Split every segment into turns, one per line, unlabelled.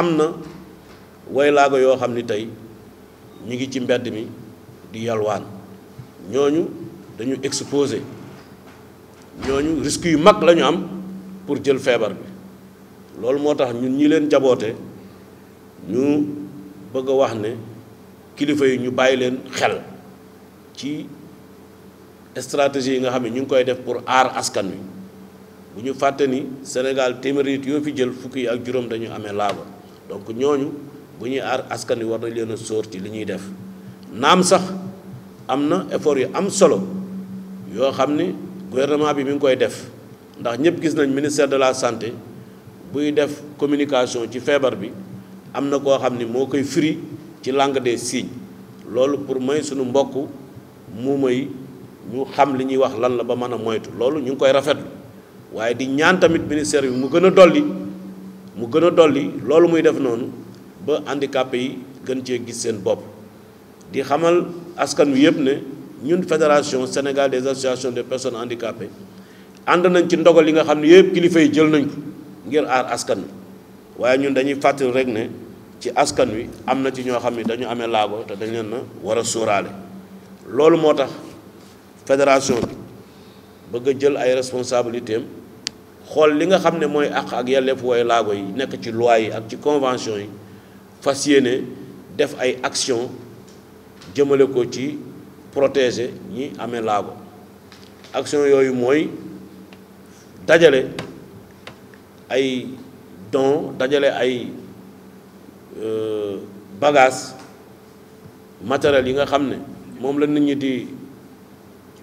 am na way laago yoo xam ni tey ñu ngi ci mbedd mi di yalwaan ñooñu dañu exposé ñooñu risques yu mag lañu am pour jël feebar bi loolu moo tax ñun ñi leen jaboote ñu bëgg a wax ne kilifa yi ñu bàyyi leen xel ci stratégie yi nga xam ne ñu ngi koy def pour aar askan wi bu ñu fàtte ni senegal téeméeri yoo fi jël fukki yi ak juróom dañu amee laago donc ñooñu bu ñuy aar askan wi war nañ leen a ci li ñuy def naam sax am na effort yu am solo yoo xam ni gouvernement bi mu ngi koy def ndax ñëpp gis nañ ministère de la santé buy def communication ci feebar bi am na koo xam ni moo koy frie ci langue de signes loolu pour may suñu mbokk mu may ñu xam li ñuy wax lan la ba mën a moytu loolu ñu ngi koy rafetlu waaye di ñaan tamit ministère bi mu gën a dolli mu gën a dolli loolu muy def noonu ba handicapé yi gën cee gis seen bopp di xamal askan wi yëpp ne ñun fédération Sénégal des associations de personnes handicapées ànd nañ ci ndogal yi nga xam ne yëpp kilifa yi jël nañ ko ngir aar askan wi waaye ñun dañuy fàttali rek ne ci askan wi am na ci ñoo xam ne dañu amee laago te dañ leen na war suuraale loolu moo tax fédération bi bëgg a jël ay responsabilités am xol li nga xam moy ak ak yelleef way lago yi nek ci loi yi ak ci convention yi fas def ay action jëmele ko ci protéger ñi amé lago action yoyu moy dajalé ay dons dajalé ay euh bagages matériel yi nga xam mom la nit ñi di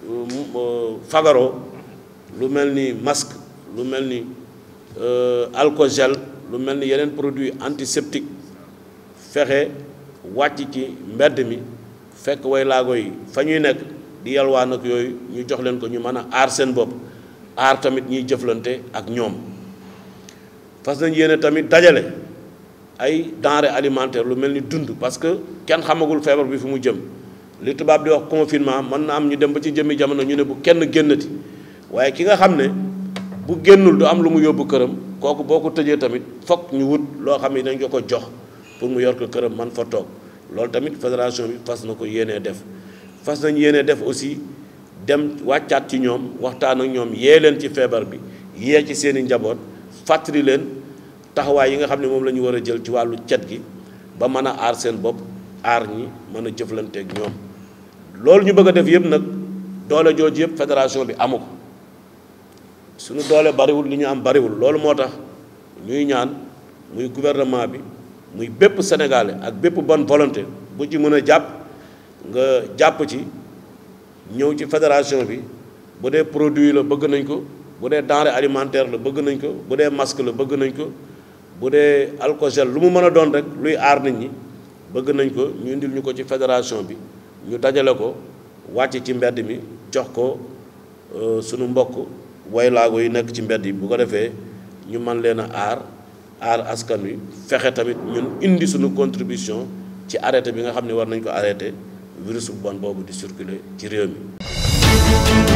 euh, euh, fagaro lu melni masque lu mel ni euh, alcogel lu mel ni yeneen produit antiseptique fexe wàcc ci mbedd mi fekk way laago yi fa ñuy nekk di yalwaan ak yooyu ñu jox leen ko ñu mën a aar seen bopp aar tamit ñuy jëflante ak ñoom fas nañ yéene tamit dajale ay denrées alimentaire lu mel ni dund parce que kenn xamagul feebar bi fi mu jëm li tubaab di wax confinement mën na am ñu dem ba ci jëmmi jamono ñu ne bu kenn génnati waaye ki nga xam ne bu génnul du am lu mu yóbbu këram kooku boo ko tëjee tamit foog ñu wut loo xam ne dañ ko ko jox pour mu yor ko këram man fa toog loolu tamit fédération bi fas na ko yéenee def fas nañ yéenee def aussi dem wàccaat ci ñoom waxtaan ak ñoom yee leen ci feebar bi yee ci seen i njaboot fàttali leen taxawaay yi nga xam ne moom la war a jël ci wàllu cet gi ba mën a aar seen bopp aar ñi mën a jëflanteeg ñoom loolu ñu bëgg a def yëpp nag doole jooju yëpp fédération bi amu ko suñu doolee bariwul li ñu am bariwul loolu moo tax ñuy ñaan muy gouvernement bi muy bépp sénégalais ak bépp bonne volonté bu ji mën a jàpp nga jàpp ci ñëw ci fédération bi bu dee produit la bëgg nañ ko bu dee denrée alimentaire la bëgg nañ ko bu dee masque la bëgg nañ ko bu dee alcogel lu mu mën a doon rek luy aar nit ñi bëgg nañ ko ñu indil ñu ko ci fédération bi ñu dajale ko wàcce ci mbedd mi jox ko euh, sunu mbokk way laago yi nekk ci mbedd yi bu ko defee ñu man leen a aar aar askan wi fexe tamit ñun indi sunu contribution ci arrêté bi nga xam ne war nañ ko arrêté virus bu bon boobu di circuler ci réew mi